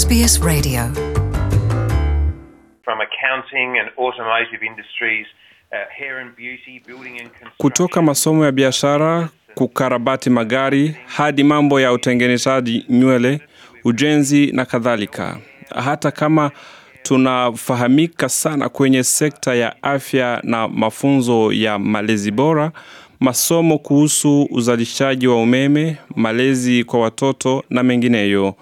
SBS Radio. From accounting and automotive industries, uh, hair and beauty, building and construction. Kutoka masomo ya biashara, kukarabati magari hadi mambo ya utengenezaji nywele, ujenzi na kadhalika. Hata kama tunafahamika sana kwenye sekta ya afya na mafunzo ya malezi bora, masomo kuhusu uzalishaji wa umeme, malezi kwa watoto na mengineyo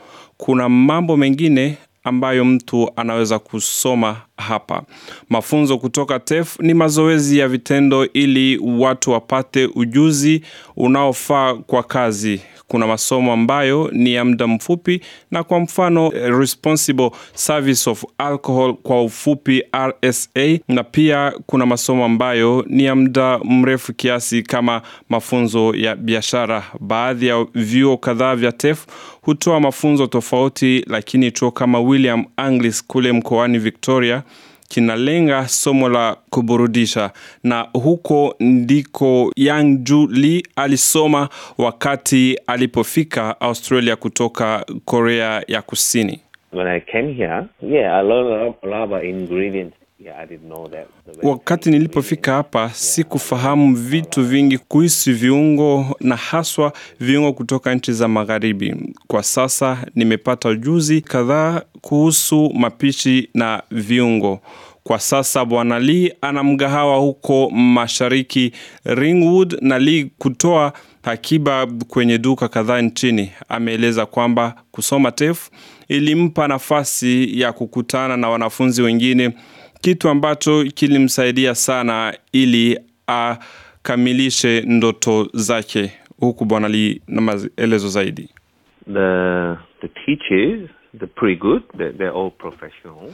kuna mambo mengine ambayo mtu anaweza kusoma hapa. Mafunzo kutoka TEF ni mazoezi ya vitendo ili watu wapate ujuzi unaofaa kwa kazi. Kuna masomo ambayo ni ya muda mfupi, na kwa mfano eh, Responsible Service of Alcohol, kwa ufupi RSA, na pia kuna masomo ambayo ni ya muda mrefu kiasi kama mafunzo ya biashara. Baadhi ya vyuo kadhaa vya TEF hutoa mafunzo tofauti, lakini chuo kama William Anglis kule mkoani Victoria kinalenga somo la kuburudisha, na huko ndiko Yang Ju alisoma wakati alipofika Australia kutoka Korea ya Kusini. When I came here, yeah, I learned a lot about ingredients. Wakati nilipofika hapa sikufahamu vitu vingi kuhusu viungo na haswa viungo kutoka nchi za magharibi. Kwa sasa nimepata ujuzi kadhaa kuhusu mapishi na viungo. Kwa sasa Bwana Lee ana mgahawa huko mashariki Ringwood na Lee kutoa akiba kwenye duka kadhaa nchini. Ameeleza kwamba kusoma TEF ilimpa nafasi ya kukutana na wanafunzi wengine kitu ambacho kilimsaidia sana ili akamilishe ndoto zake huku bwana li na maelezo zaidi the, the teachers, the pretty good, they're all professional.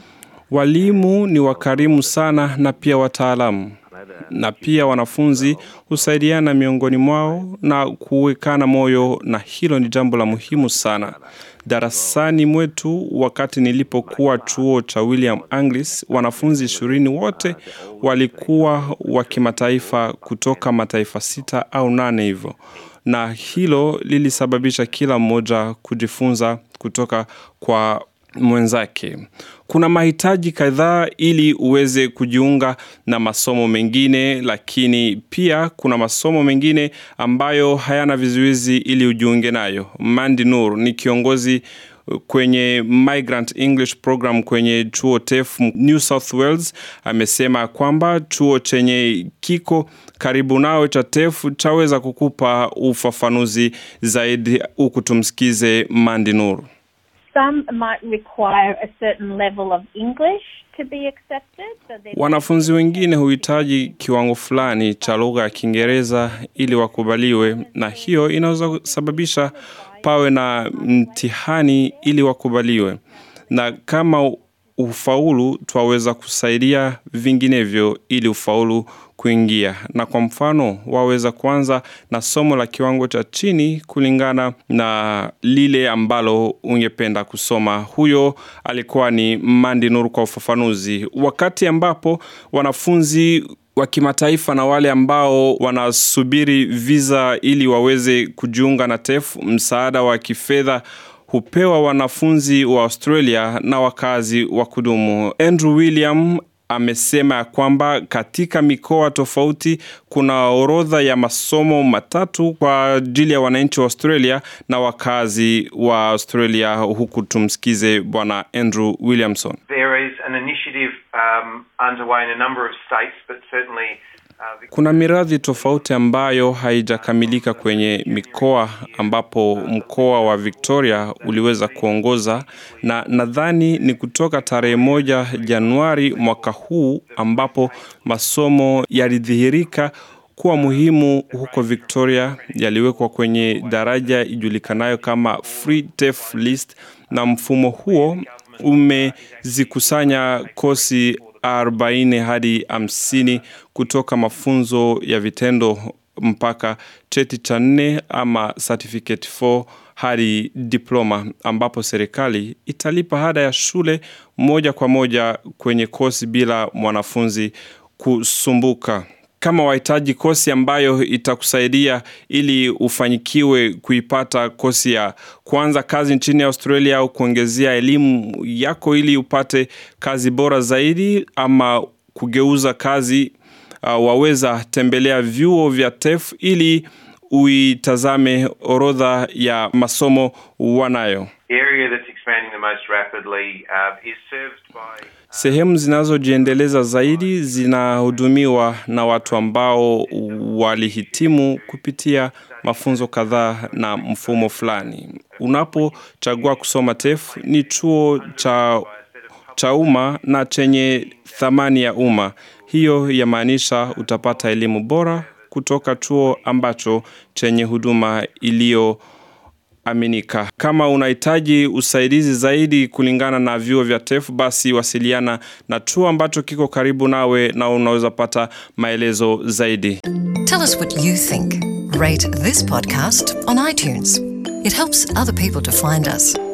walimu ni wakarimu sana na pia wataalamu na pia wanafunzi husaidiana miongoni mwao na kuwekana moyo, na hilo ni jambo la muhimu sana darasani mwetu. Wakati nilipokuwa chuo cha William Anglis, wanafunzi ishirini wote walikuwa wa kimataifa kutoka mataifa sita au nane hivyo, na hilo lilisababisha kila mmoja kujifunza kutoka kwa mwenzake. Kuna mahitaji kadhaa ili uweze kujiunga na masomo mengine, lakini pia kuna masomo mengine ambayo hayana vizuizi ili ujiunge nayo. Mandi Nur ni kiongozi uh, kwenye Migrant English Program kwenye chuo TEF New South Wales amesema kwamba chuo chenye kiko karibu nao cha TEF chaweza kukupa ufafanuzi zaidi. Huku tumsikize Mandi Nur. Wanafunzi wengine huhitaji kiwango fulani cha lugha ya Kiingereza ili wakubaliwe, na hiyo inaweza kusababisha pawe na mtihani ili wakubaliwe, na kama ufaulu twaweza kusaidia vinginevyo ili ufaulu kuingia. Na kwa mfano, waweza kuanza na somo la kiwango cha chini kulingana na lile ambalo ungependa kusoma. Huyo alikuwa ni Mandi Nur kwa ufafanuzi, wakati ambapo wanafunzi wa kimataifa na wale ambao wanasubiri visa ili waweze kujiunga na TEF, msaada wa kifedha hupewa wanafunzi wa Australia na wakazi wa kudumu. Andrew William amesema ya kwamba katika mikoa tofauti kuna orodha ya masomo matatu kwa ajili ya wananchi wa Australia na wakazi wa Australia, huku tumsikize Bwana Andrew Williamson. There is an initiative um, underway in a number of states but certainly kuna miradi tofauti ambayo haijakamilika kwenye mikoa ambapo mkoa wa Victoria uliweza kuongoza na nadhani ni kutoka tarehe moja Januari mwaka huu ambapo masomo yalidhihirika kuwa muhimu huko Victoria, yaliwekwa kwenye daraja ijulikanayo kama Free TAFE list na mfumo huo umezikusanya kosi arobaini hadi hamsini kutoka mafunzo ya vitendo mpaka cheti cha nne ama certificate 4 hadi diploma, ambapo serikali italipa ada ya shule moja kwa moja kwenye kosi bila mwanafunzi kusumbuka kama wahitaji kosi ambayo itakusaidia ili ufanyikiwe kuipata kosi ya kuanza kazi nchini Australia au kuongezea elimu yako ili upate kazi bora zaidi ama kugeuza kazi, uh, waweza tembelea vyuo vya tef ili uitazame orodha ya masomo wanayo. Uh, uh, Sehemu zinazojiendeleza zaidi zinahudumiwa na watu ambao walihitimu kupitia mafunzo kadhaa na mfumo fulani. Unapochagua kusoma tef ni chuo cha cha umma na chenye thamani ya umma. Hiyo yamaanisha utapata elimu bora kutoka chuo ambacho chenye huduma iliyo aminika. Kama unahitaji usaidizi zaidi kulingana na vyuo vya TEF, basi wasiliana na chuo ambacho kiko karibu nawe na unaweza pata maelezo zaidi. Tell us what you think. Rate this podcast on iTunes. It helps other people to find us.